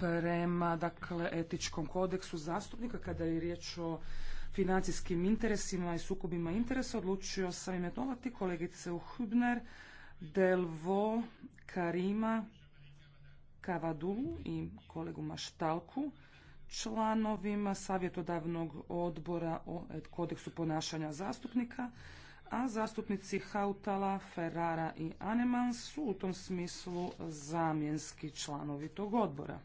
prema dakle, etičkom kodeksu zastupnika kada je riječ o financijskim interesima i sukobima interesa odlučio sam imenovati kolegice Uhubner, Delvo, Karima, Kavadu i kolegu Maštalku članovima savjetodavnog odbora o kodeksu ponašanja zastupnika, a zastupnici Hautala, Ferrara i Aneman su u tom smislu zamjenski članovi tog odbora.